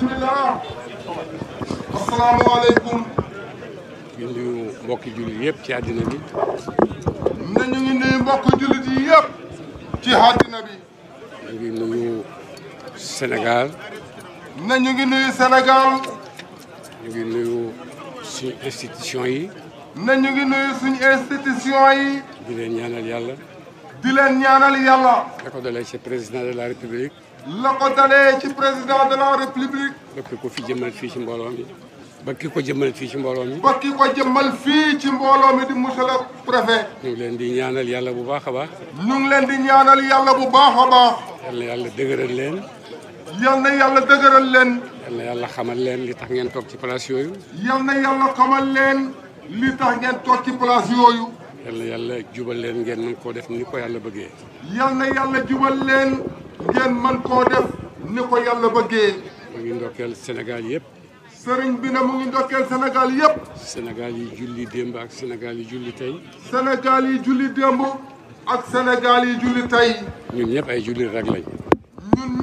bismillah asalaamaaleykum ñu ngi nuyu mbokki jullit yëpp ci àddina bi na nuyu mbokki jullit yi ci àddina nuyu Sénégal na ñu ngi nuyu Sénégal ñu nuyu suñu institution yi na ñu ngi nuyu suñu institution yi di leen ñaanal yàlla di ñaanal yàlla da ko dalee ci président de la la ko dalee ci président de la république. ba ko fi jëmmal fii ci mbooloo mi. ba ki ko jëmmal fii ci mbooloo mi. ba ki ko jëmmal fii ci mbooloo mi di monsieur le préfet. ñu ngi leen di ñaanal yàlla bu baax a baax. ñu leen di ñaanal yàlla bu baax a baax. yal yàlla dëgëral leen. yal na yàlla dëgëral leen. yal yàlla xamal leen li tax ngeen toog ci place yooyu. yal na yàlla xamal leen li tax ngeen toog ci place yooyu. yal yàlla jubal leen ngeen mën ko def ni ko yàlla bëggee. yal yàlla jubal leen. ngeen man koo def ni ko yàlla bëggee. mu ngi ndokkeel Sénégal yëpp. sëriñ bi ne mu ngi ndokkeel Sénégal yëpp. senegal yi julli démb ak Sénégal yi julli tey. Sénégal yi julli démb ak Sénégal yi julli tey. ñun ñëpp ay jullit rek lañ. ñun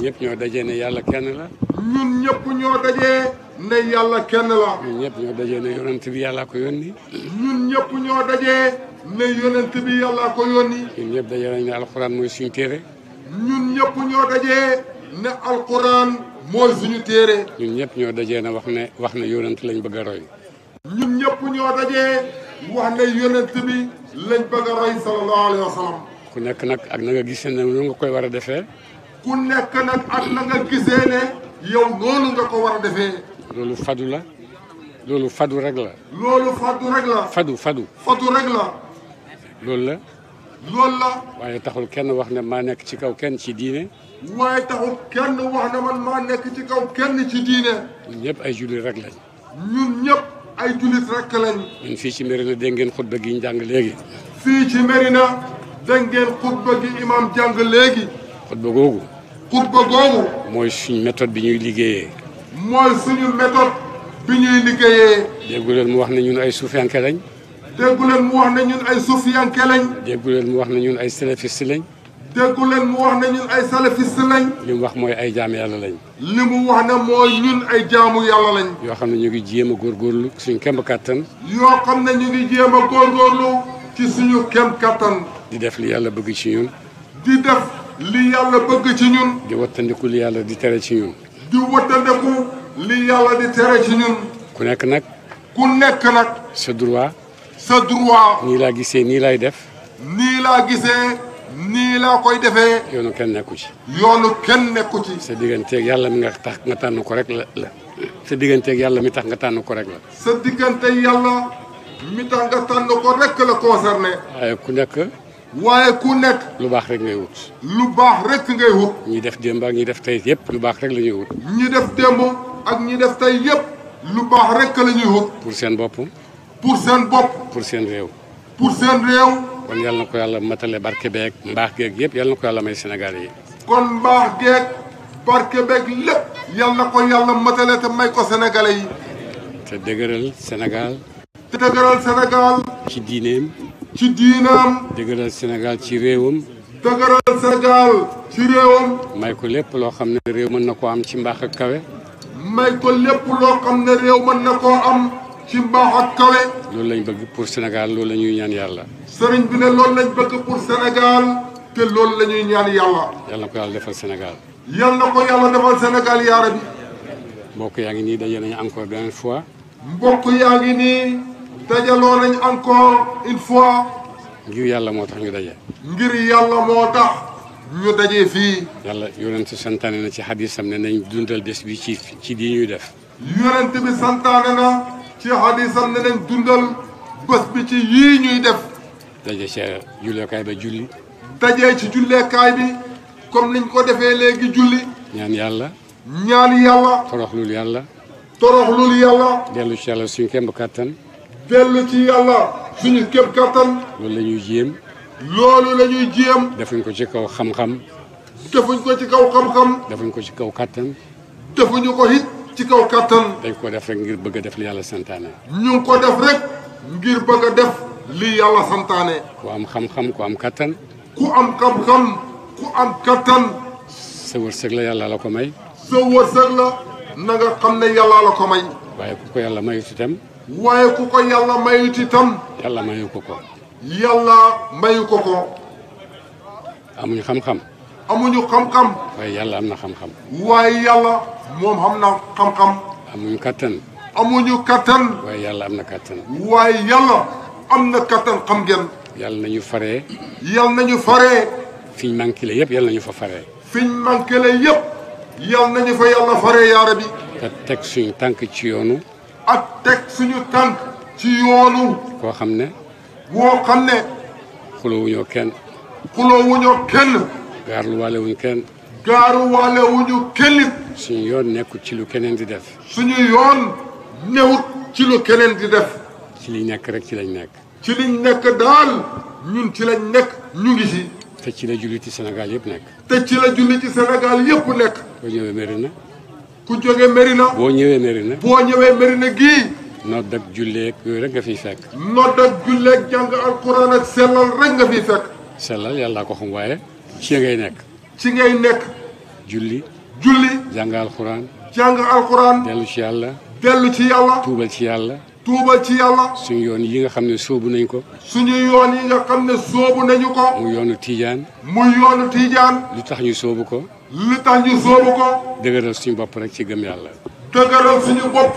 ñëpp ñoo dajee ne yàlla kenn la. ñun ñëpp ñoo dajee. ne yàlla kenn la. ñun ñëpp ñoo dajee ne yonent bi yàllaa ko yónni. ñun ñëpp ñoo dajee ne yonent bi yàllaa ko yónni. ñun ñëpp dajee nañ ne alxuraan mooy suñu téere. ñun ñëpp ñoo dajee ne alxuraan mooy suñu téere. ñun ñëpp ñoo dajee ne wax ne wax ne yonent lañ bëgg a roy. ñun ñëpp ñoo dajee wax ne yonent bi lañ bëgg roy sallallahu alayhi wa sallam. ku nekk nag ak na nga gisee ne lu nga koy war a defee. ku nekk nag ak na nga gisee ne yow noonu nga ko war a defee. loolu fadu la loolu fadu rek la. loolu fadu rek la. fadu fadu. fadu rek la. loolu la. loolu la. waaye taxul kenn wax ne maa nekk ci kaw kenn ci diine. waaye taxul kenn wax ne man maa nekk ci kaw kenn ci diine. ñun ñëpp ay jullit rek lañ. ñun ñëpp ay jullit rek lañ. ñun fii ci Mérina dégg ngeen xutba gi ñu jàng léegi. fii ci Mérina dégg ngeen xutba gi imam jàng léegi. xutba googu. xutba googu. mooy suñ méthode bi ñuy liggéeyee. mooy suñu méthode bi ñuy liggéeyee. déggu leen mu wax ne ñun ay suufiyanke lañ. déggu leen mu wax ne ñun ay suufiyanke lañ. déggu leen mu wax ne ñun ay salafiste lañ. déggu leen mu wax ne ñun ay salafiste lañ. li mu wax mooy ay jaamu yàlla lañ. li mu wax ne mooy ñun ay jaamu yàlla lañ. yoo xam ne ñu ngi jéem a góorgóorlu suñu kem kattan. yoo xam ne ñu ngi jéem a góorgóorlu ci suñu kem kattan. di def li yàlla bëgg ci ñun. di def li yàlla bëgg ci ñun. di wattandiku li yàlla di tere ci ñun. di wëttandeku li yàlla di tere ci ñun. ku nekk nag. ku nekk nag. sa droit. sa droit. nii laa gisee nii laay def. nii laa gisee. nii laa koy defee. yoonu kenn nekku ci. yoonu kenn nekku ci. sa digganteeg yàlla mi nga tax nga tànn ko rek la sa digganteeg yàlla mi tax nga tànn ko rek la. sa digganteeg yàlla mi tax nga tànn ko rek la concerné. waaye ku nekk. waaye ku nekk. lu baax rek ngay wut. lu baax rek ngay wut. ñi def démb ak ñi def tey yëpp lu baax rek la ñuy wut. ñi def démb ak ñi def tey yëpp lu baax rek la ñuy wut. pour seen bopp. pour seen bopp. pour seen réew. pour seen réew. kon yal na ko yàlla matale barke beeg mbaax geeg yëpp yal na ko yàlla may Sénégalais yi. kon mbaax geeg barke beeg lépp. yal na ko yàlla matale te may ko Sénégalais yi. te dëgëral Sénégal. te dëgëral Sénégal. ci diineem. ci diinam. dëgëral Sénégal ci réewam. dëgëral Sénégal ci réewam. may ko lépp loo xam ne réew mën na koo am ci mbaax ak ko lépp loo xam ne réew mën am ci mbaax ak kawe. loolu lañ bëgg pour Sénégal loolu la ñuy ñaan yàlla. sëriñ bi ne loolu lañ bëgg pour Sénégal te loolu la ñaan yàlla. yal na ko yàlla defal Sénégal. yal na ko yàlla defal Sénégal yaara bi. mbokk yaa ngi nii daje nañu encore beneen fois. mbokk yaa ngi nii. dajaloo nañ encore une fois. ngir yàlla moo tax ñu daje. ngir yàlla moo tax ñu daje fii. yàlla yonent santaane na ci xadisam ne nañ dundal bés bi ci ci lii ñuy def. yonent bi santaane na ci xadisam ne nañ dundal bés bi ci yii ñuy def. daje ca julleekaay ba julli. daje ci julleekaay bi comme niñ ko defee léegi julli. ñaan yàlla. ñaan yàlla. toroxlul yàlla. toroxlul yàlla. dellu ci yàlla suñu kemb kàttan. dellu ci yàlla suñu képp kattan loolu la ñuy jéem loolu la jéem defuñ ko ci kaw xam-xam defuñ ko ci kaw xam-xam defuñ ko ci kaw kattan defuñu ko it ci kaw kattan dañ ko def rek ngir bëgg a def li yàlla santaane ñu ngi ko def rek ngir bëgg a def li yàlla santaane ku am xam-xam ku am kattan ku am xam-xam ku am kattan sa wërsëg la yàlla la ko may sa wërsëg la na nga xam ne yàlla la ko may waaye ku ko yàlla mayut itam waaye ku ko yàlla mayut itam. yàlla mayu ko ko. yàlla mayu ko ko. amuñu xam-xam. amuñu xam-xam. waaye yàlla am na xam-xam. waaye yàlla moom xam na xam-xam. amuñu kattan. amuñu kattan. waaye yàlla am na kattan. waaye yàlla am na kattan xam ngeen. yàlla nañu faree. yàlla nañu faree. fiñ manqué la yëpp yàlla nañu fa fare fiñ manqué la yëpp. yàlla nañu fa yàlla faree yaara bi. te teg suñu tànk ci yoonu. ak teg suñu tànk ci yoonu. koo xam ne. woo xam ne. xuloo wuñoo kenn. xuloo wuñoo kenn. gaarlu waale wuñ kenn. gaaru waale wuñu kenn. suñu yoon nekkul ci lu keneen di def. suñu yoon newut ci lu keneen di def. ci li nekk rek ci lañ nekk. ci liñ nekk daal ñun ci lañ nekk ñu ngi si. te ci la julli ci Sénégal yëpp nekk. te ci la julli ci Sénégal yëpp nekk. boo ñëwee ku jógee Merina. boo ñëwee Merina. boo ñëwee Merina gii. nodd ak julleeg yooyu rek nga fiy fekk. nodd ak julleeg jàng alquran ak sellal rek nga fiy fekk. sellal yàllaa ko xam waaye ci ngay nekk. ci ngay nekk. julli. julli. jàng alquran. jàng alquran. dellu ci yàlla. dellu ci yàlla. tuubal ci yàlla. tuubal ci yàlla. suñu yoon yi nga xam ne sóobu nañ ko. suñu yoon yi nga xam ne sóobu nañu ko. mu yoonu Tiijaan. mu yoonu Tiijaan. lu tax ñu soobu ko. li tax ñu sóobu ko. dëgëral suñu bopp rek ci gëm yàlla. dëgëral suñu bopp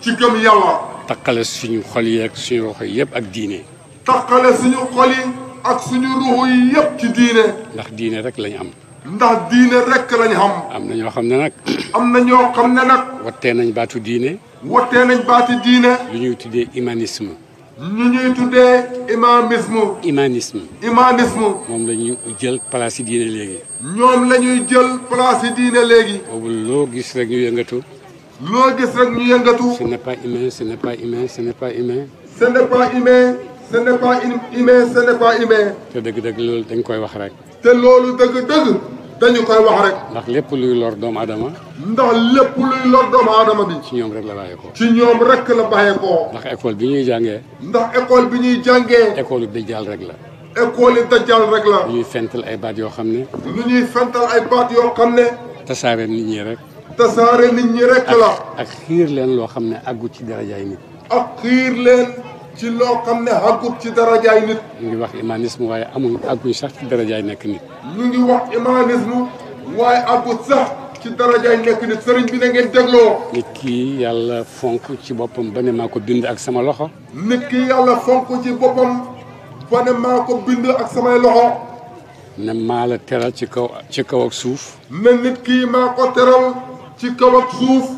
ci gëm yàlla. takkale suñu xol yi ak suñu yëpp ak diine. takkale suñu ruux yi yëpp ci diine. ndax diine rek lañu am. ndax diine rek lañ xam. am na ñoo xam ne nag. am na ñoo xam ne nag. wattee nañ baatu diine. wattee nañ baati diine. lu ñuy tuddee humanisme. ñu ñuy tuddee imaamisme. imanisme. imanisme. moom la ñuy jël place yi diine léegi. ñoom la ñuy jël place yi diine léegi. boobu loo gis rek ñu yëngatu. loo gis rek ñu yëngatu. ce n'est pas humain ce n'est pas humain te dëgg-dëgg loolu dañ koy wax rek. te loolu dëgg-dëgg. dañu koy wax rek. ndax lépp luy lor doomu aadama. ndax lépp luy lor doomu aadama bi. ci ñoom rek la bàyyeekoo. ci ñoom rek la bàyyeekoo. ndax école bi ñuy jàngee. ndax école bi ñuy jàngee. école yi dajjal rek la. école yi dajjal rek la. lu ñuy fental ay baat yoo xam ne. lu ñuy fental ay baat yoo xam ne. tasaare nit ñi rek. tasaare nit ñi rek la. ak xiir leen loo xam ne àggu ci darajaay nit. ak xiir leen. ci loo xam ne àggut ci darajaay nit. ñu ngi wax humanisme waaye amuñ àgguñ sax ci darajaay nekk nit. ñu ngi wax humanisme waaye àggut sax ci darajaay nekk nit bi na ngeen dégloo. nit ki yàlla fonk ci boppam ba ne maa ko bind ak sama loxo. nit ki yàlla fonk ci boppam ba ne maa ko bind ak samay loxo. ne la tera ci kaw ci kaw ak suuf. ne nit ki maa ko teral ci kaw ak suuf.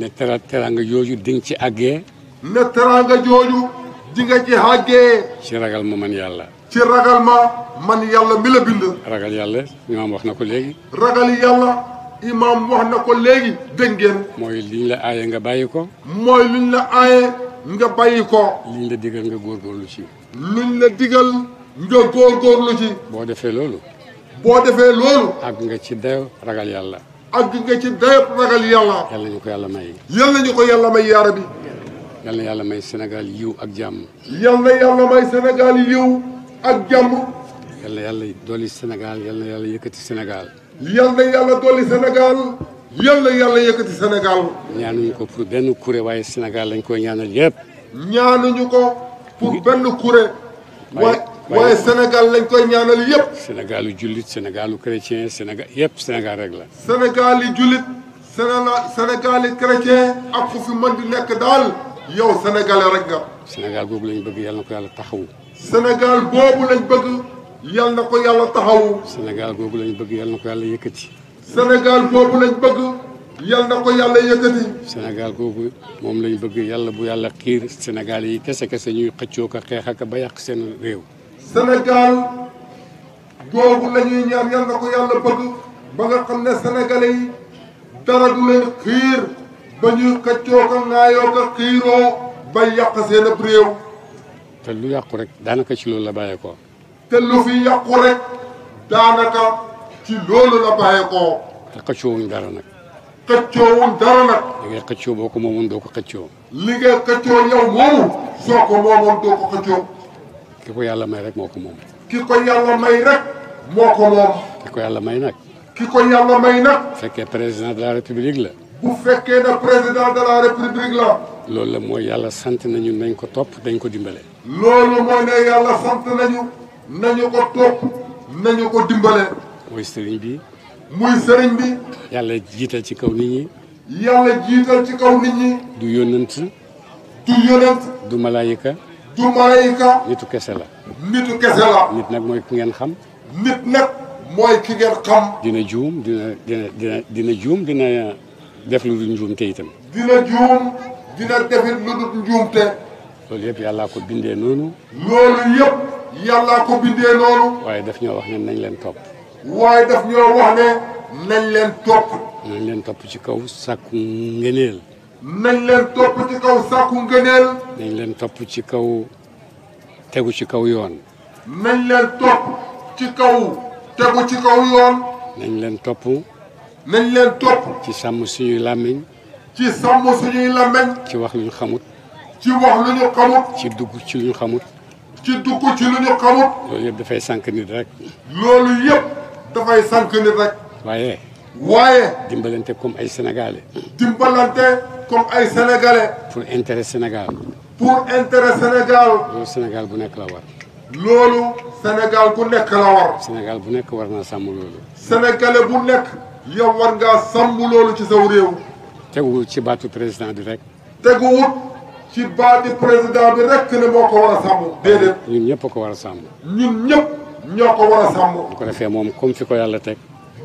ne teral teranga yooyu di nga ci àggee. ne teraanga jooju di nga ci àggee. ci ragal ma man yàlla. ci ragal ma man yàlla mi la bind. ragal yàlla imaam wax na ko léegi. ragal yàlla imaam wax na ko léegi. dégg ngeen. mooy liñ la aaye nga bàyyi ko. mooy liñ la aaye nga bàyyi ko. liñ la digal nga góorgóorlu ci. luñ la digal nga góorgóorlu ci. boo defee loolu. boo defee loolu. àgg nga ci dayo ragal yàlla. àgg nga ci dayo ragal yàlla. yàlla ñu ko yàlla may. yàlla ñu ko yàlla may yaara bi. yal na yàlla may Sénégal yiw ak jàmm. yal na yàlla may Sénégal yiw ak jàmm. yal na yàlla dolli Sénégal yal na yàlla yëkkati Sénégal. yal na yàlla dolli Sénégal. yal na yàlla yëkkati Sénégal. ñaanuñu ko pour benn kuré waaye Sénégal lañ koy ñaanal yëpp. ko pour benn kuré. waaye waaye Sénégal lañ yëpp. Sénégalu jullit Sénégalu chrétien Sénégal yëpp Sénégal rek la. Sénégal jullit Sénégal Sénégal ak fi mën di nekk daal. yow sénégalais rek senegal Sénégal lañu lañ bëgg yàlla na ko yàlla taxawu. Sénégal boobu lañ bëgg. yàlla na ko yàlla taxawu. Sénégal boobu lañ bëgg yàlla na ko yàlla lañ bëgg. yàlla na ko yàlla moom lañ bëgg yàlla bu yàlla xiir senegal yi kese kese ñuy xëccoo ko xeex ba yàq seen réew. Sénégal boobu la ñuy yàlla ko yàlla bëgg ba nga xam ne sénégalais yi dara du leen xiir. ba ñu xëccoo ko ŋaayoo ko xiiroo ba yàq seen ab réew te lu yàqu rek daanaka ci loolu la bàyyeekoo te lu fi yàqu rek daanaka ci loolu la bàyyeekoo te xëccoowuñ dara nag xëccoowuñ dara nag li ngay xëccoo ko moomoon doo ko xëccoo li ngay moomu soo ko moomoon doo ko ki ko yàlla may rek moo ko moom ki ko yàlla may rek moo ko moom ki ko yàlla may nag ki ko yàlla may nag fekkee président de la république la bu fekkee ne président de république la. loolu la mooy yàlla sant nañu nañ ko topp dañ ko dimbale. loolu mooy ne yàlla sant nañu ko topp nañu dimbale. mooy sëriñ bi. muy sëriñ bi. yàlla jiital ci kaw nit ñi. yàlla ci kaw nit ñi. du yónnent. du yónnent. du malaayika. nitu kese la. nitu kese nit nag mooy ki ngeen xam. nit nag mooy ki ngeen xam. dina juum dina dina dina dina juum dina. def lu dul njuumte itam. dina juum dina defit lu dul njuumte. loolu yëpp yàllaa ko bindee noonu. loolu yëpp yàllaa ko bindee noonu. waaye daf ñoo wax nañ leen topp. waaye daf ñoo wax nañ leen topp. nañ leen topp ci kaw sàkku ngëneel. nañ leen topp ci kaw sàkku ngëneel. nañ leen topp ci kaw tegu ci kaw yoon. nañ leen topp ci kaw tegu ci kaw yoon. leen topp. nañ leen topp. ci sàmm suñuy làmmiñ. ci sàmm suñuy làmmiñ. ci wax lu ñu xamut. ci wax lu ñu xamut. ci dugg ci lu ñu xamut. ci dugg ci lu ñu xamut. loolu yëpp dafay sànq nit rek. loolu yëpp dafay sànq nit rek. waaye. waaye. dimbalante comme ay sénégalais. dimbalante comme ay sénégalais. pour intérêt Sénégal. pour intérêt Sénégal. loolu Sénégal bu nekk la war. loolu Sénégal bu nekk la war. Sénégal bu nekk war naa sàmm loolu. sénégalais bu nekk. yow war ngaa sàmm loolu ci saw réew. teguwul ci baatu président bi rek. teguwul ci baati président bi rek ne moo ko war a sàmm. déedéet ñun ñëpp ko war a sàmm. ñun ñëpp ñoo ko war a sàmm. bu ko defee moom comme fi ko yàlla teg.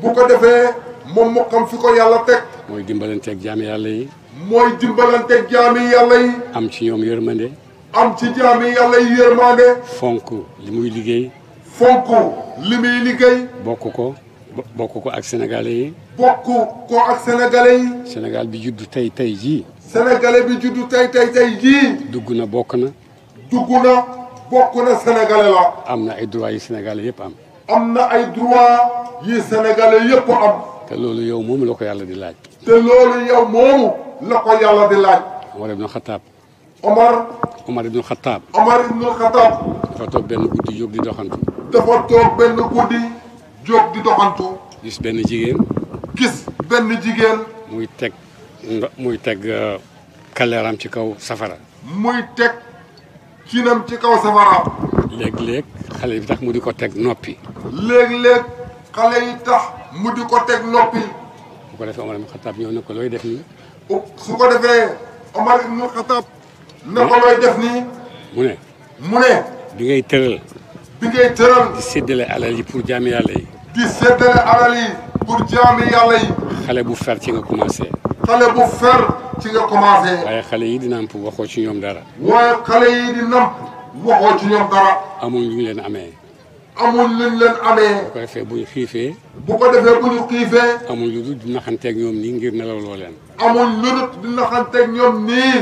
bu ko defee moom mu xam fi ko yàlla teg. mooy dimbalanteeg jaami yàlla yi. mooy dimbalanteeg jaami yàlla yi. am ci ñoom yërmande. am ci jaami yàlla yi yërmande. fonk li muy liggéey. fonk li muy liggéey. bokk ko. bokk ko ak sénégalais yi. bokk ko ak sénégalais yi. Sénégal bi juddu tey tey jii. sénégalais bi judd tey tey jii. dugg na bokk na. dugg na bokk na sénégalais la. am na ay droits yi sénégalais yëpp am. am na ay droits yi sénégalais yëpp am. te loolu yow moomu la ko yàlla di laaj. te loolu yow moomu la ko yàlla di laaj. Omar ibn Khattab. Omar. Omar ibn Omar ibn Khattab. dafa toog benn guddi jóg di doxantu. dafa toog benn guddi. jóg di doxantu. gis ben jigen gis ben jigen muy tek muy tek euh, kaleram ci kaw safara. muy tek cinam ci kaw safara. leg leg xale bi tax mu di ko teg noppi. leg léeg xale yi tax mu di ko teg noppi. bu ko defee Omar ibn Khattab ñoo ne ko looy def ni su ko defee Omar ibn Khattab. ne ko looy def ni mu ne. mu ne. bi ngay tëral. bi ngay tëral. di séddale alal yi pour jami yàlla yi. di seddale alal yi pour jaami yàlla yi. xale bu fer ci nga commencé. xale bu fer ci nga commencé. waaye xale yi di namp waxoo ci ñoom dara. waaye xale yi di namp waxoo ci ñoom dara. amuñ lu ñu leen amee. amuñ lu ñu leen amee. bu ko defee bu ñu xiifee. bu ko defee bu ñu xiifee. amuñ lu dul di naxanteeg ñoom nii ngir nelaw loo leen. amuñ lu dul di naxanteeg ñoom nii.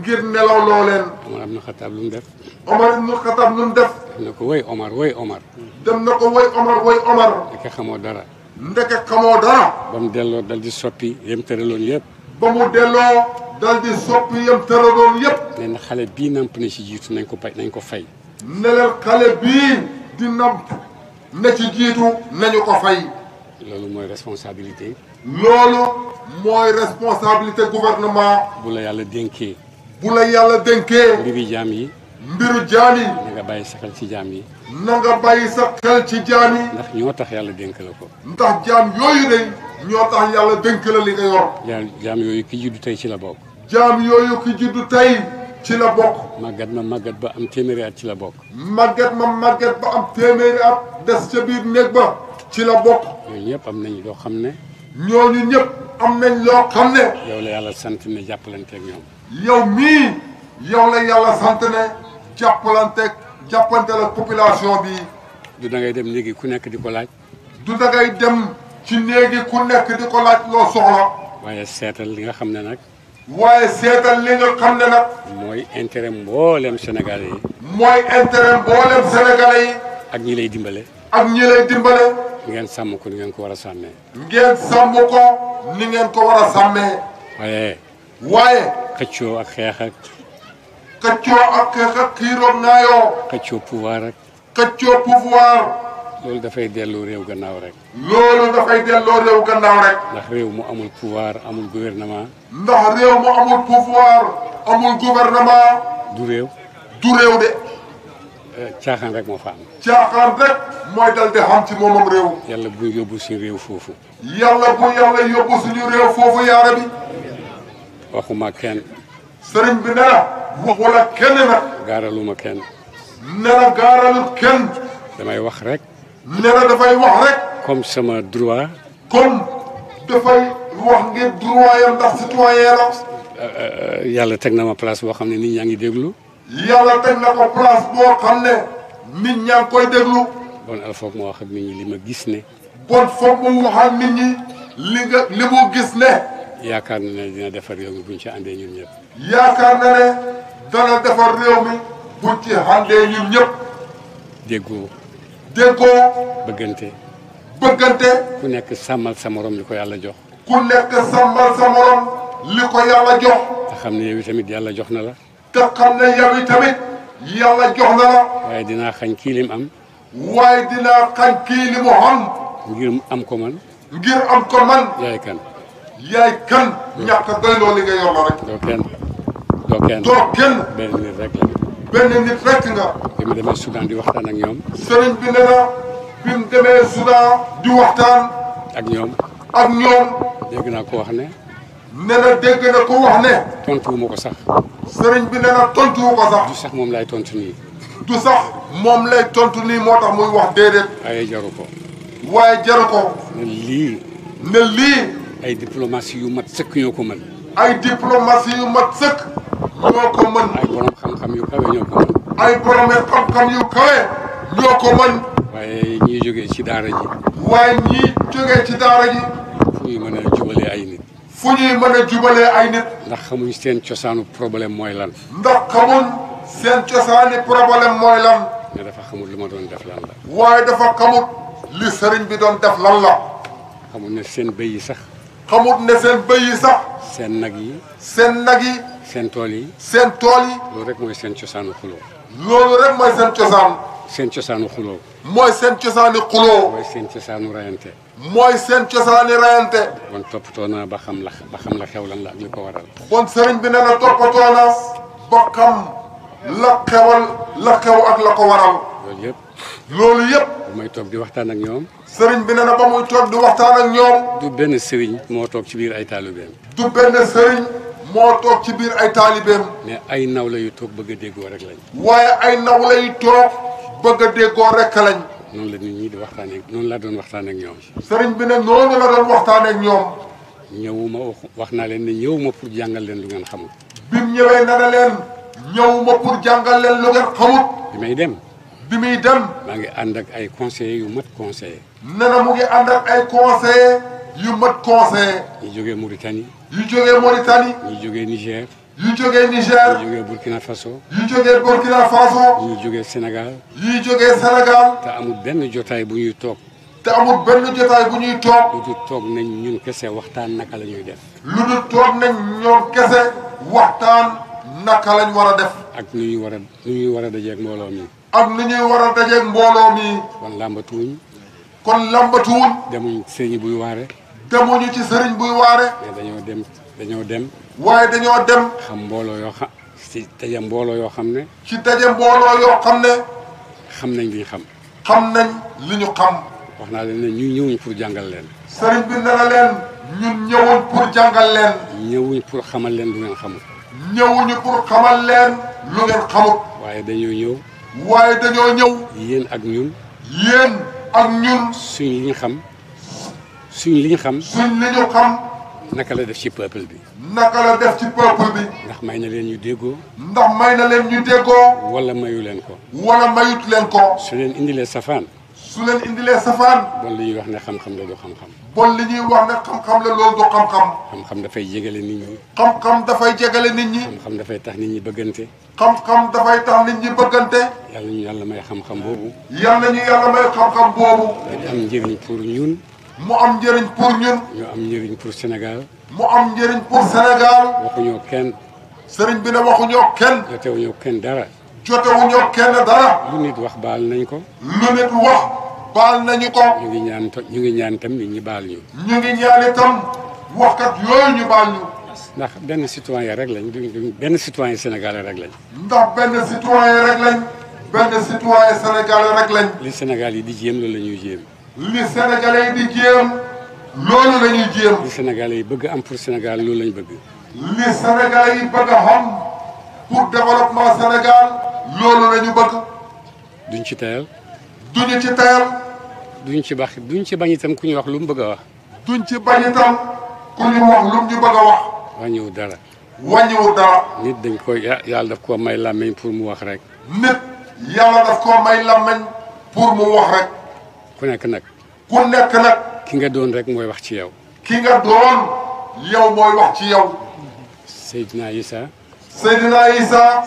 ngir nelaw loo leen. Omar ibn Khattab lu mu def. Omar ibn Khattab lu mu def. def na ko woy Omar woy Omar. dem na ko woy Omar woy Omar. ndeke xamoo dara. ndeke xamoo dara. ba mu delloo dal di soppi yem tëraloon yëpp. ba mu delloo dal di soppi yem tëraloon yëpp. nee na xale bii namp na ci jiitu nañ ko bay nañ ko fay. ne leen xale bii di namp na ci jiitu nañu ko fay. loolu mooy responsabilité. loolu mooy responsabilité gouvernement. bu la yàlla dénkee. bu la yàlla dénkee. mbiru jaam yi. mbiru jaam yi. na bàyyi sa xel ci jaam yi. na nga bàyyi sa xel ci jaam yi. ndax ñoo tax yàlla dénk la ko. ndax jaam yooyu de ñoo tax yàlla dénk la li nga yor. jaam yooyu ki juddu tey ci la bokk. jaam yooyu ki juddu tey. ci la bokk. màggat ma màggat ba am téeméeri at ci la bokk. màgget ma màgget ba am téeméeri at des ca biir néeg ba ci la bokk. ñooñu ñëpp am nañ loo xam ne. ñooñu ñëpp am nañ loo xam ne. yow la yàlla sant ne jàppalante ak yow mii yow la yàlla sant ne jàppalante jàppante la population bi. du dangay dem néegi ku nekk di ko laaj. du dangay dem ci néegi ku nekk di ko laaj loo soxla. waaye seetal li nga xam ne nag. waaye seetal li nga xam ne nag. mooy intérêt mboolem Sénégalais yi. mooy intérêt mboolem Sénégalais yi. ak ñi lay dimbale. ak ñi dimbale. ngeen sàmm ko ni ngeen ko war a sàmmee. ngeen sàmm ko ni ngeen ko war a sàmmee. waaye. xëccoo ak xeex ak. xëccoo ak xeex ak xiiroog naayoo. pouvoir ak. xëccoo pouvoir. loolu dafay delloo réew gannaaw rek. loolu dafay delloo réew gannaaw rek. ndax réew mu amul pouvoir amul gouvernement. ndax réew mu amul pouvoir amul gouvernement. du réew. du réew de. Eh, caaxaan rek moo fa am. caaxaan rek mooy dal di xam ci moomam réew. yàlla bu yóbbu suñu réew foofu. yàlla bu yàlla yóbbu suñu réew foofu yaara bi. waxuma kenn sëriñ bi nee na waxu la kenn nag gaaraluma kenn nee na gaaralul kenn damay wax rek nee na dafay wax rek comme sama droit comme dafay wax ngir droit yam ndax citoyen la yàlla teg na ma place boo xam ne nit ñaa ngi déglu yàlla teg na ko place boo xam ne nit ñaa ngi koy déglu bon al foog ma wax ak nit ñi li ma gis ne bon foog mu wax ak nit ñi li nga li mu gis ne yaakaar na ne dina defar réew mi buñ ci àndee ñun ñëpp. déggoo. déggoo. bëggante. bëggante. ku nekk sàmmal sa morom li ko yàlla jox. ku yàlla jox. xam na la. tamit yàlla jox na la. waaye dinaa xañ kii lim am. waaye dinaa xañ kii li ngir am ko man. ngir am ko man. yaay kan ñàkk a doy loo li nga yor la rek. doo kenn doo kenn doo kenn. benn nit rek la. benn nit rek nga. bi mu demee Soudan di waxtaan ak ñoom. sëriñ bi nee na bi mu demee Soudan di waxtaan. ak ñoom. ak ñoom. dégg naa ko wax ne. nee na dégg na ko wax ne. tontuwu ma ko sax. sëriñ bi nee na tontuwu ko sax. du sax moom lay tontu nii. du sax moom lay tontu nii moo tax muy wax déedéet. waaye jaru ko. waaye jaru ko. ne lii. ne lii. ay diplomatie yu mat sëkk ñoo ko mën. ay diplomatie yu mat sëkk. ñoo ko mën. ay borom xam-xam yu kawe ñoo ko mën. ay borom xam-xam yu kawe. ñoo ko mën. waaye ñii jógee ci daara ji. waaye ñii jógee ci daara ji. fu ñuy mën a jubalee ay nit. fu ñuy mën a jubalee ay nit. ndax xamuñ seen cosaanu problème mooy lan. ndax xamuñ seen cosaani problème mooy lan. mais dafa xamut lu ma doon def lan la. waaye dafa xamut li sëriñ bi doon def lan la. xamul ne seen béy yi sax. xamut ne seen bëy yi sax. seen nag yi. seen nag yi. seen tool yi. seen tool yi. loolu rek mooy seen cosaanu xuloo. loolu rek mooy seen cosaan. seen cosaanu xuloo. mooy seen cosaani xuloo. mooy seen cosaanu rayante. mooy seen cosaani rayante. kon toppatoo naa ba xam la ba xam la xew lan la ak li ko waral. kon sëriñ bi ne na toppatoo naa ba xam la xewal la xew ak la ko waral. loolu yëpp. loolu yëpp. mooy toog di waxtaan ak ñoom. sëriñ bi na na ba muy toog di waxtaan ak ñoom. du benn sëriñ moo toog ci biir ay taalibeem. du benn sëriñ moo toog ci biir ay taalibeem. mais ay naw la yu toog bëgg a déggoo rek lañ. waaye ay naw la yu toog bëgg a déggoo rek lañ. noonu la nit ñii di waxtaanee noonu laa doon waxtaan ak ñoom. sëriñ bi ne noonu la doon waxtaan ak ñoom. ñëwuma wax naa leen ne ñëwuma pour jàngal leen lu ngeen xamul. bim ñëwee jàngal leen lu ngeen xamul. bi may dem. bi muy dem. maa ngi ànd ak ay conseillers yu mat conseiller. nee na mu ngi ànd ak ay conseillers yu mat conseiller. ñu jógee Mauritanie. yu jógee Mauritanie. ñu jógee Niger. yu jógee Niger. yu jógee Burkina Faso. yu jógee Burkina Faso. yu jógee Sénégal. yu jógee Sénégal. te amul benn jotaay bu ñuy toog. te amul benn jotaay bu ñuy toog. lu dul toog nañ ñun kese waxtaan naka lañuy ñuy def. lu dul toog nañ ñoom kese waxtaan naka lañ war a def. ak nu ñuy war a nu ak ni ñuy war a dajeeg mbooloo mi. kon làmbatuwuñ. kon làmbatuwuñ. demuñ sëriñ buy waare. demuñu ci sëriñ buy waare. dañoo dem dañoo dem. waaye dañoo dem. xam mbooloo yoo xam ci daje mbooloo yoo xam ne. ci daje mbooloo xam ne. xam nañ li xam. xam nañ li ñu xam. wax naa leen ne ñu ñëwuñ pour jàngal leen. sëriñ bi nee leen. ñun ñëwuñ pour jàngal leen. ñëwuñ pour xamal leen lu ngeen xamul. ñëwuñu pour xamal leen lu ngeen xamul. waaye dañoo ñëw. waaye dañoo ñëw. yéen ak ñun. yéen ak ñun. suñ li ñu xam. suñ li ñu xam. suñ xam. naka la def ci peuple bi. naka la def ci peuple bi. ndax may na leen ñu déggoo. ndax may na leen ñu déggoo. wala mayu leen ko. wala mayut leen ko. su leen indilee safaan. su leen indilee safaan. bon li ñuy wax ne xam-xam la du xam-xam. bon li ñuy wax ne xam-xam la loolu du xam-xam. xam-xam dafay jegale nit ñi. xam-xam dafay jegale nit ñi. xam-xam dafay tax nit ñi bëggante. xam-xam dafay tax nit ñi bëggante. yàlla ñu yàlla may xam-xam boobu. yàlla ñu yàlla may xam-xam boobu. am pour ñun. mu am njëriñ pour ñun. ñu am njëriñ pour Sénégal. mu am njëriñ pour Sénégal. waxuñoo kenn. sëriñ bi ne waxuñoo kenn. jotewuñoo kenn dara. jotewuñoo kenn dara. lu nit wax baal nañ ko. lu nit wax baal nañu ko. ñu ngi ñaan ñu ngi ñaan itam nit ñi baal ñu. ñu ngi ñaan itam waxkat yooyu ñu baal ñu. ndax benn citoyen rek lañ duñ benn citoyen sénégalais rek lañ. ndax benn citoyen rek lañ. benn citoyen sénégalais rek lañ. li Sénégal yi di jéem loolu la ñuy jéem. li sénégalais yi di jéem loolu la ñuy jéem. li sénégalais yi bëgg am pour Sénégal loolu lañ bëgg. li sénégalais yi bëgg a xam. pour développement Sénégal loolu la ñu bëgg. duñ ci tayal. duñu ci tayal. duñ ci bax duñ ci bañ itam ku ñu wax lu mu bëgg a wax. duñ ci bañ itam ku ñu wax lu mu ñu bëgg a wax. wàññiwu dara. wàññiwu dara. nit dañ koy yàlla daf koo may làmmiñ pour mu wax rek. nit yàlla daf koo may làmmiñ pour mu wax rek. ku nekk nag. ku nekk nag. ki nga doon rek mooy wax ci yow. ki nga doon yow mooy wax ci yow. Seydina Issa. Seydina Isa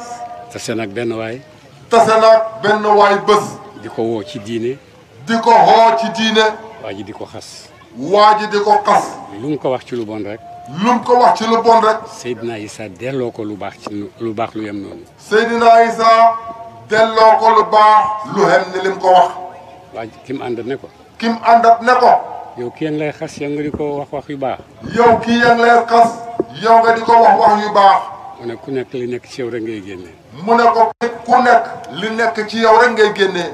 tase nag benn waay tase nag benn waay bés di ko woo ci diine di ko woo ci diine waa ji di ko xas waa ji di ko xas lu mu ko wax ci lu bon rek lu mu ko wax ci lu bon rek Seydina Isa delloo ko lu baax ci lu baax lu yem noonu Seydina Isa delloo ko lu baax lu xem ni lim ko wax waa ji ki àndat ne ko ki mu àndat ne ko yow ki yang lay xas yow nga di ko wax wax yu baax yow ki yang xas yow nga di ko wax wax yu baax mu ku nekk nekk ci rek ngay génne. mu ne ko ku nekk li nekk ci yow rek ngay génne.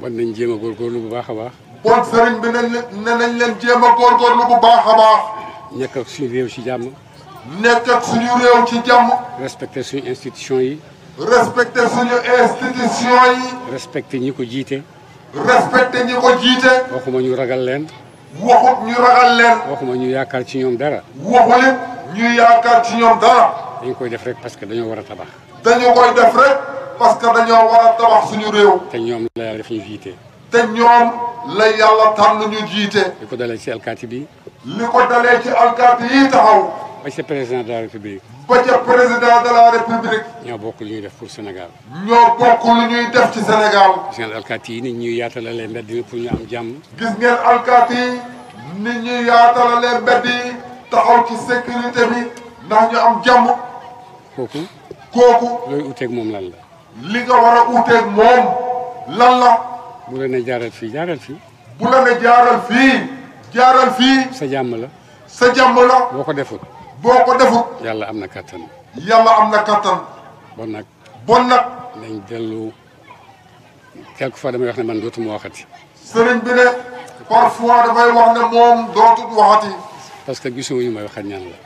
bon nañ jéem a lu bu baax a baax. bon sëriñ bi nañ leen nañ leen jéem a bu baax a baax. nekk ak suñu réew ci jàmm. nekk ak suñu réew ci jàmm. respecté suñu institution yi. respecté suñu institution yi. respecté ñi ko jiite. respecté ñi ko jiite. waxuma ñu ragal leen. waxut ñu ragal leen. waxuma ñu yaakaar ci ñoom dara. waxulit ñu yaakaar ci ñoom dara. dañ koy def rek parce que dañoo war a tabax. dañu koy def rek parce que dañoo war tabax suñu réew. te ñoom la yàlla def ñu jiite. te li ko dalee ci alkaati bi. li yi taxaw. ba ca président de la république. ba ca président de la république. ñoo bokk lu ñuy def pour Sénégal. ñoo bokk ñuy def ci Sénégal. gis ngeen alkaati yi nit ñuy yaatalalee mbedd yi pour ñu am jàmm. gis mbedd yi taxaw ci sécurité bi ndax ñu am jàmm. kooku. kooku. looy uteeg moom lan la. li nga war a uteeg moom lan la. bu la ne jaaral fii jaaral fii. bu la jaaral fii. jaaral fii. sa jàmm la. sa jàmm la. boo ko defut. boo ko defut. yàlla am na kàttan yàlla am na kàttan bon nag. bon nag. nañ dellu quelque fois damay wax ne man dootuma waxati. sëriñ bi ne. parfois dafay wax ne moom dootul waxati. parce que gisuwuñu may waxat ñan la.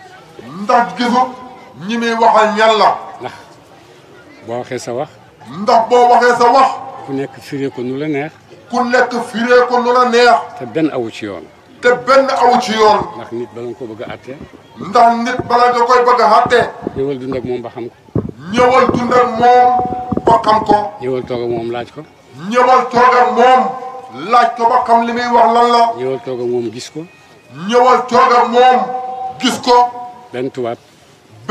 ndax gisu. ñi muy waxal ñan la. ndax boo waxee sa wax. ndax boo waxee sa wax. ku nekk firee ko nu la neex. ku nekk firee ko nu la neex. te benn awu ci yoon. te benn awu ci yoon. ndax nit bala nga ko bëgg a àtte. ndax nit bala nga koy bëgg a àtte. ñëwal dund ak moom ba xam ko. ñëwal dund moom ba xam ko. ñëwal toog moom laaj ko. ñëwal toog moom laaj ko ba xam li muy wax lan la. ñëwal toog moom gis ko. ñëwal toog moom gis ko. benn tubaab.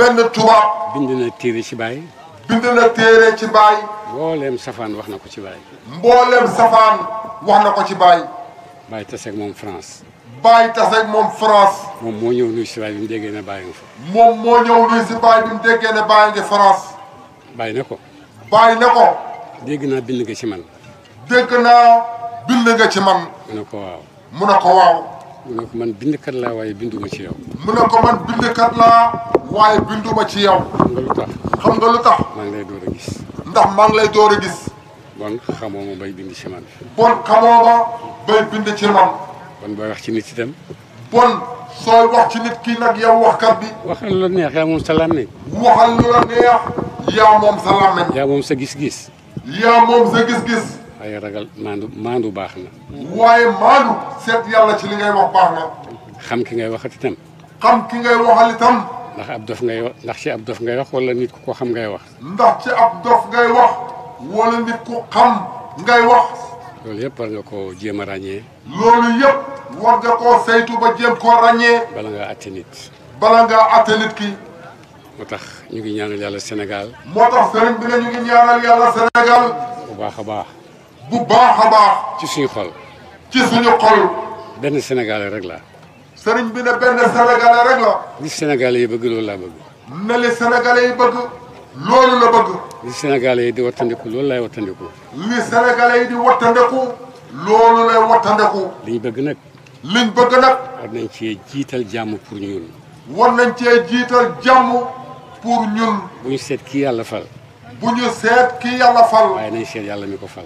benn tubaab. bind na téere ci baay. bind na téere ci baay. mbooleem safaan wax na ko ci baay. mbooleem safaan wax na ko ci baay. baay taseeg moom France. baay taseeg moom France. moom moo ñëw nuyu si baay bi mu déggee ne baay nga fa. moom moo ñëw nuyu si baay bi mu déggee ne baay nga France. baay na ko. baay na ko. dégg naa bind nga ci man. dégg naa bind nga ci man. mu ne ko waaw. mu ne ko waaw. mu ne ko man bindkat laa waaye binduma ci yow. mu ne ko man bindkat laa waaye binduma ci yow. xam nga lu tax. xam nga lu tax. maa ngi lay door a gis. ndax maa ngi lay door a gis. bon xamoo ma bay bind ci man. bon xamoo ma bay bind ci man. bon booy wax ci nit itam. bon sooy wax ci nit kii nag yow waxkat bi. waxal lu la neex yaa moom sa làmmiñ. waxal lu la neex. yaa moom sa làmmiñ. yaa moom sa gis-gis. yaa moom sa gis-gis. waaye ragal maandu maandu baax na. waaye maandu seet yàlla ci li ngay wax baax na. xam ki ngay waxat itam. xam ki ngay waxal itam. ndax ab dof ngay wax ndax ci ab dof ngay wax wala nit ku xam ngay wax. ndax ci ab dof wala nit ku xam ngay wax. loolu yëpp war nga ko jéem a ràññee. loolu yëpp war nga koo saytu ba jéem koo ràññee. bala ngaa atte nit. bala ngaa atte nit ki. moo tax ñu ngi ñaanal yàlla Sénégal. moo tax sëriñ bi ne ñu ngi ñaanal yàlla Sénégal. bu baax a baax. bu baax a baax. ci suñu xol. ci suñu xol. benn sénégalais rek la sëriñ bi ne benn sénégalais rek la. li sénégalais yi bëgg loolu laa bëgg. ne li sénégalais yi bëgg. loolu la bëgg. li sénégalais yi di wattandiku loolu lay wattandiku. li sénégalais di wattandiku. loolu lay wattandiku. liñ bëgg nag. liñ bëgg nag. war nañ ci jiital jàmm pour ñun. war nañ cee jiital jàmm pour ñun. bu ñu seet kii yàlla fal. bu ñu seet kii yàlla fal. waaye nañ seet yàlla mi ko fal.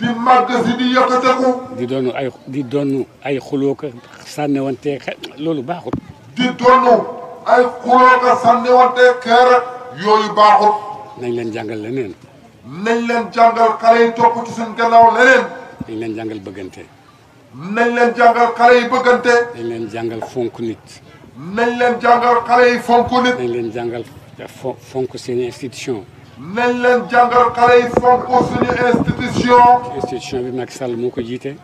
di màgg si di yokkateku. di doonu ay di doonu ay xuloo ko sànniwante loolu baaxul. di doonu ay xuloo ko sànniwante keer yooyu baaxul. nañ leen jàngal leneen. nañ leen jàngal xale yi topp ci leneen. nañ leen jàngal bëggante. nañ leen jàngal xale bëggante. nañ leen jàngal fonk nit. nañ leen jàngal xale yi fonk leen jàngal seen institution. nañ leen jàngal xale yi fonk suñu institution. institution bi Macky Sall moo ko jiite.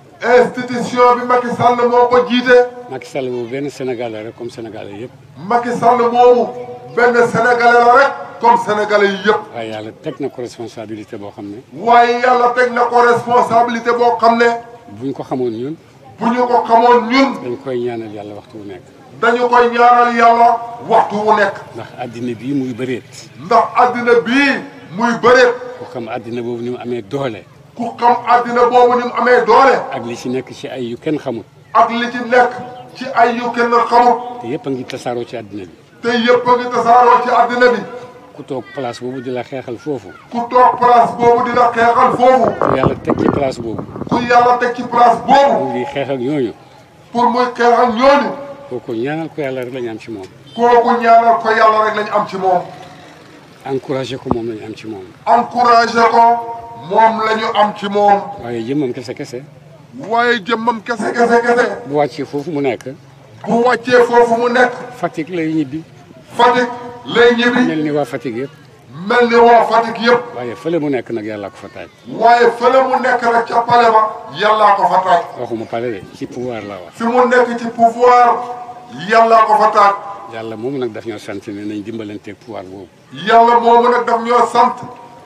institution bi Macky Sall moo ko jiite. Macky Sall boobu benn Sénégalais rek comme Sénégalais yëpp. Macky Sall boobu benn Sénégalais la rek comme Sénégalais yi yëpp. waaye yàlla teg na ko responsabilité boo xam ne. waaye yàlla teg na ko responsabilité boo xam ne. bu ñu ko xamoon ñun. bu ñu ko xamoon ñun. dañ koy ñaanal yàlla waxtu bu nekk. dañu koy ñaanal yàlla waxtu wu nekk. ndax addina bii muy bëreet. ndax addina bii muy bëreet. ku xam addina boobu ni mu amee doole. ku xam àddina boobu ni mu amee doole. ak li ci nekk ci ay yu kenn xamul. ak li ci nekk ci ay yu kenn xamul. te yëpp a ngi tasaaroo ci addina bi. te yëpp a ngi tasaaroo ci addina bi. ku toog place boobu di la xeexal foofu. ku toog place boobu di la xeexal foofu. ku yàlla teg ci place boobu. ku yàlla teg ci place boobu. pour muy kooku ñaanal ko yàlla rek lañu am ci moom. kooku ñaanal ko yàlla rek lañu am ci moom. encouragé ko moom lañu am ci moom. encouragé ko moom am ci moom. waaye jëmmam kese kese. waaye jëmmam kese kese kese. bu wàccee foofu mu nekk. bu wàccee foofu mu nekk. Fatick lay ñibbi. Fatick lay ñibbi. mel ni waa Fatick mel ni waa Fatick yëpp. waaye fële mu nekk nag yàllaa ko fa taaj. waaye fële mu nekk nag ca pale ba. yàllaa ko fa taaj. waxuma pale de ci pouvoir la wax. fi mu nekk ci pouvoir yàllaa ko fa taaj. yàlla moomu nag daf ñoo sant ne nañ dimbalanteeg pouvoir boobu. yàlla moomu nag daf ñoo sant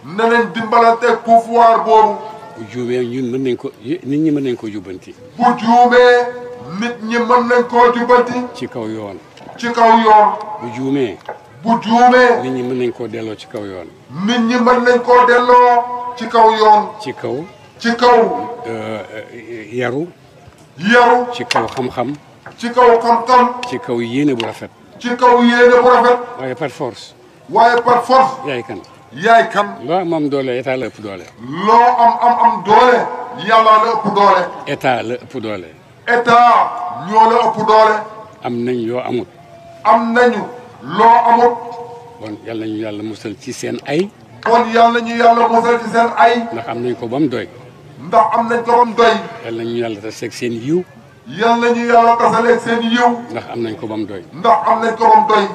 ne nañ dimbalanteeg pouvoir boobu. bu juumee ñun mën ko nit ñi mën nañ koo jubbanti. bu juumee nit ñi mën nañ koo jubbanti. ci kaw yoon. ci kaw yoon. bu juumee. bu juumee. nit ñi mën nañ koo delloo ci kaw yoon. nit ñi mën nañ koo delloo ci kaw yoon. ci kaw. ci kaw. Euh, yaru. yaru. ci kaw xam-xam. ci kaw xam-xam. ci kaw yéene bu rafet. ci kaw yéene bu rafet. waaye par force. yaay kan. yaay kan. loo am am doole état la ëpp doole. loo am am am doole. yàlla la ëpp doole. état ñoo la ëpp doole. am nañ yoo amut. am nañu. loo amut. bon yàlla ñu yàlla musal ci seen ay. kon yàlla ñu yàlla musal ci seen ay. ndax am nañ ko ba mu doy. ndax am nañ ko ba mu doy. yàlla ñu yàlla taseeg seen yiw. yàlla ñu yàlla tasaleeg seen yiw. ndax am nañ ko ba mu doy. ndax am nañ ko ba mu doy.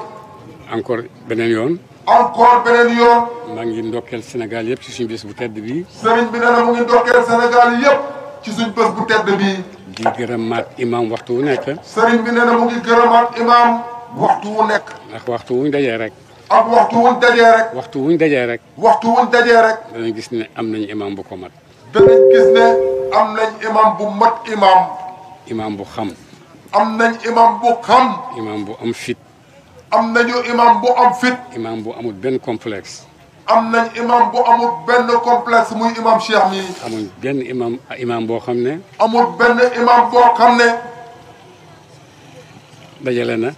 encore beneen yoon. encore beneen yoon. maa ngi ndokkeel Sénégal yëpp ci suñu bés bu tedd bii. sëriñ bi nee na mu ngi ndokkeel Sénégal yëpp ci suñu bés bu tedd bii. di gërëmaat imaam waxtu wu nekk. sëriñ bi nee na mu ngi gërëmaat imaam. waxtu wu nekk. ndax waxtu wuñ dajee rek. ak waxtu wuñ dajee rek. waxtu wuñ dajee rek. waxtu wuñ dajee rek. danañ gis ne am nañ imam bu ko mat. danañ gis ne am nañ imam bu mat imam. imam bu xam. am nañ imam bu xam. imam bu am fit. am nañu imam bu am fit. imam bu amul benn complexe. am nañ imam bu amul benn complexe muy imam Cheikh mi. amul benn imam imam boo xam ne. amul benn imam boo xam ne. dajale na.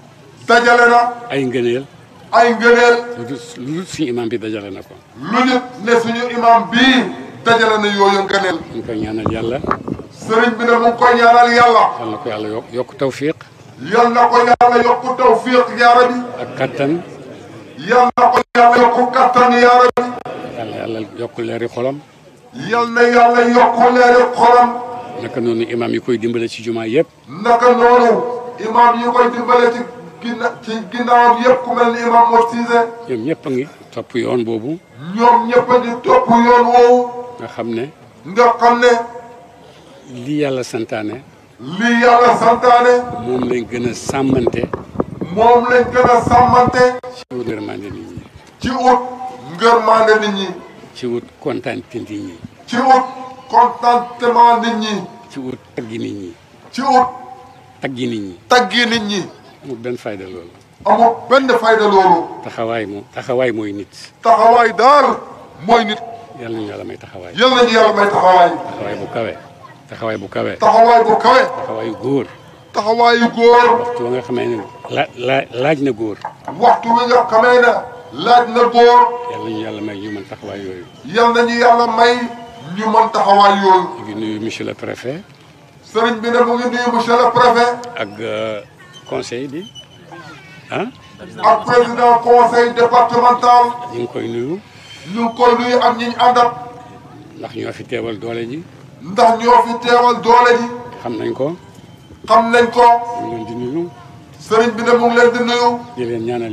dajale na. ay ngëneel. ay ngëneel. lu dul suñu imam bi dajale na ko. lu nit ne suñu imam bii dajale na yooyu ngëneel. ñu ngi koy ñaanal yàlla. sëriñ bi ne mu ngi koy ñaanal yàlla. yal na ko yàlla yokk yokk tawfiq. yal na ko yàlla yokk tawfiq yaa rabbi. ak kattan. yal na ko yàlla yokk kattan yaa rabbi. yal na yàlla yokk leeri xolam. yal na yàlla yokk leeri xolam. naka noonu imam yi koy dimbale ci jumaa yëpp. naka noonu imam yi koy dimbale ci. ginna ci ñëpp a ngi topp yoon boobu. ñoom ñëpp xam ne. nga yàlla santaane. lii a gën a sàmmante. ci wut ngërmande nit ñi. ci wut ngërmande ci wut contentement nit ñi. ci wut taggi nit ñi. amul benn fayda loolu. amul benn fayda loolu. taxawaay moom taxawaay mooy nit. taxawaay daal mooy nit. yal nañu yàlla may taxawaay. yal nañu yàlla may taxawaay. taxawaay bu kawe. taxawaay bu kawe. taxawaay bu kawe. taxawaayu góor. taxawaayu góor. waxtu wa nga xamee ne la la laaj na góor. waxtu wi nga xamee ne laaj na góor. yal nañu yàlla may ñu mën taxawaay yooyu. yal nañu yàlla may ñu mën taxawaay yooyu. ñu ngi nuyu monsieur le préfet. sëriñ bi ne mu ngi nuyu monsieur le préfet. ak. Euh, conseil bi ah. ak président conseil départemental. ñu koy nuyu. ñu koy nuyu ak ñi ñu ndax ñoo fi téwal doole ndax fi doole xam nañ ko. xam nañ ko. sëriñ bi ne mu di nuyu. di ñaanal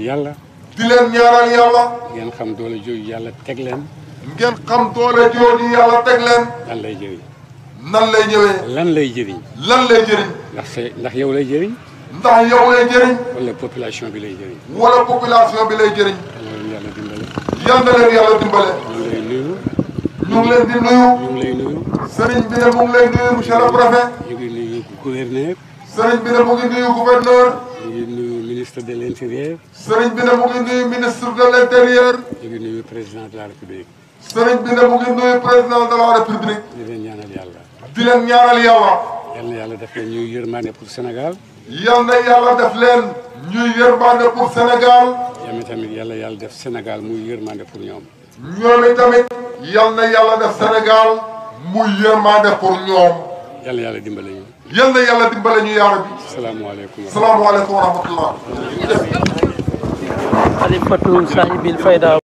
di ndax yow lay jëriñ. wala population bi lay jëriñ. wala population bi lay jëriñ. yal na leen yàlla dimbale. ñu ngi leen di nuyu. ñu ngi lay nuyu. sëriñ bi ne mu ngi lay nuyu monsieur le préfet. ñu ngi nuyu gouverneur. sëriñ bi ne mu ngi nuyu gouverneur. ñu ngi nuyu ministre de l' intérieur. sëriñ bi ne mu ngi nuyu ministre de l' intérieur. ñu ngi nuyu président de la république. sëriñ bi ne mu ngi nuyu président de la république. di leen ñaanal yàlla. di leen ñaanal yàlla. yal na yàlla def leen ñuy yërmande pour Sénégal. yal na yàlla def leen ñuy yërmande pour Sénégal. ñoom tamit yal na yàlla def Sénégal muy yërmande pour ñoom. ñoom tamit yal na yàlla def Sénégal muy yërmande pour ñoom. yal na yàlla dimbale ñu. yal na yàlla dimbale ñu yaa rabbi. salaamaaleykum salaamaaleykum wa rahmatullah. xalifatul saahibil fayda